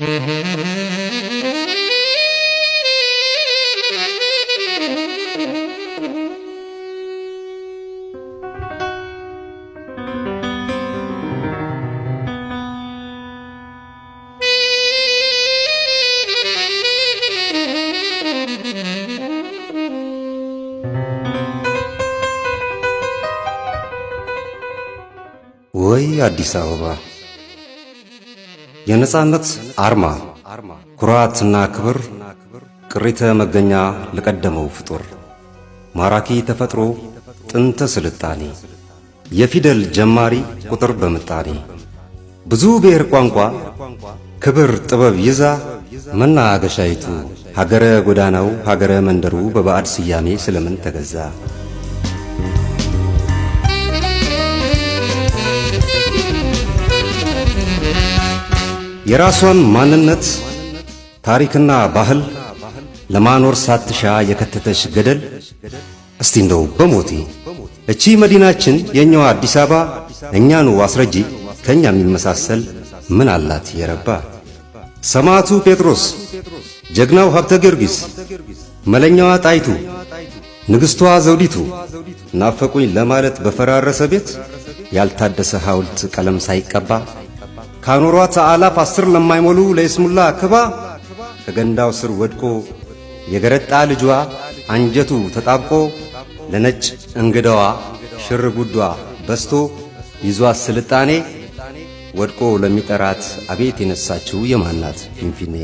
Oi, Addis Ababa. የነጻነት አርማ ኩራትና ክብር ቅሪተ መገኛ ለቀደመው ፍጡር ማራኪ ተፈጥሮ ጥንተ ስልጣኔ የፊደል ጀማሪ ቁጥር በምጣኔ ብዙ ብሔር ቋንቋ ክብር ጥበብ ይዛ መናገሻይቱ ሀገረ ጎዳናው ሀገረ መንደሩ በባዕድ ስያሜ ስለምን ተገዛ? የራሷን ማንነት ታሪክና ባህል ለማኖር ሳትሻ የከተተች ገደል። እስቲ እንደው በሞቴ እቺ መዲናችን የኛዋ አዲስ አበባ እኛኑ አስረጂ ከኛ የሚመሳሰል ምን አላት የረባ? ሰማዕቱ ጴጥሮስ፣ ጀግናው ሀብተ ጊዮርጊስ፣ መለኛዋ ጣይቱ፣ ንግሥቷ ዘውዲቱ ናፈቁኝ ለማለት በፈራረሰ ቤት ያልታደሰ ሐውልት ቀለም ሳይቀባ ካኖሯት አላፍ አስር ለማይሞሉ ለይስሙላ ክባ ከገንዳው ስር ወድቆ የገረጣ ልጇ አንጀቱ ተጣብቆ ለነጭ እንግዳዋ ሽር ጉዷ በስቶ ይዟት ስልጣኔ ወድቆ ለሚጠራት አቤት የነሳችው የማናት ፊንፊኔ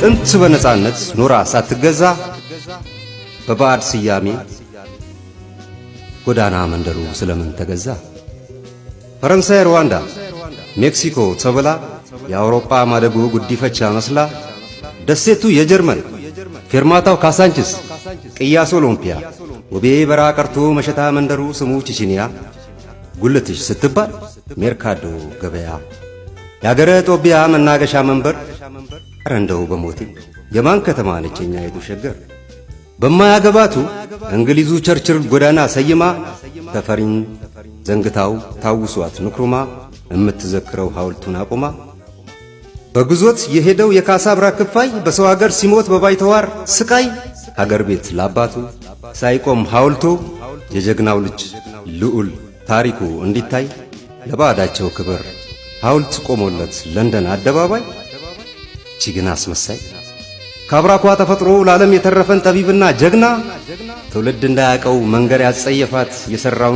ጥንት በነጻነት ኖራ ሳትገዛ በባዕድ ስያሜ ጎዳና መንደሩ ስለምን ተገዛ? ፈረንሳይ ሩዋንዳ፣ ሜክሲኮ ተብላ የአውሮፓ ማደጎ ጉዲፈቻ መስላ ደሴቱ የጀርመን ፌርማታው ካሳንችስ፣ ቅያስ ኦሎምፒያ፣ ውቤ በራ ቀርቶ መሸታ መንደሩ ስሙ ቺቺኒያ ጉልትሽ ስትባል ሜርካዶ ገበያ፣ የአገረ ጦቢያ መናገሻ መንበር። ረንደው እንደው በሞቴ የማን ከተማ ነችኛ የቱ ሸገር በማያገባቱ እንግሊዙ ቸርችል ጎዳና ሰይማ ተፈሪን ዘንግታው ታውሷት ንክሩማ እምትዘክረው ሐውልቱን አቁማ በግዞት የሄደው የካሳብራ ክፋይ በሰው ሀገር ሲሞት በባይተዋር ስቃይ ሀገር ቤት ለአባቱ ሳይቆም ሐውልቱ የጀግናው ልጅ ልዑል ታሪኩ እንዲታይ ለባዕዳቸው ክብር ሐውልት ቆሞለት ለንደን አደባባይ ችግን አስመሳይ ከአብራኳ ተፈጥሮ ለዓለም የተረፈን ጠቢብና ጀግና ትውልድ እንዳያቀው መንገር ያጸየፋት የሠራውን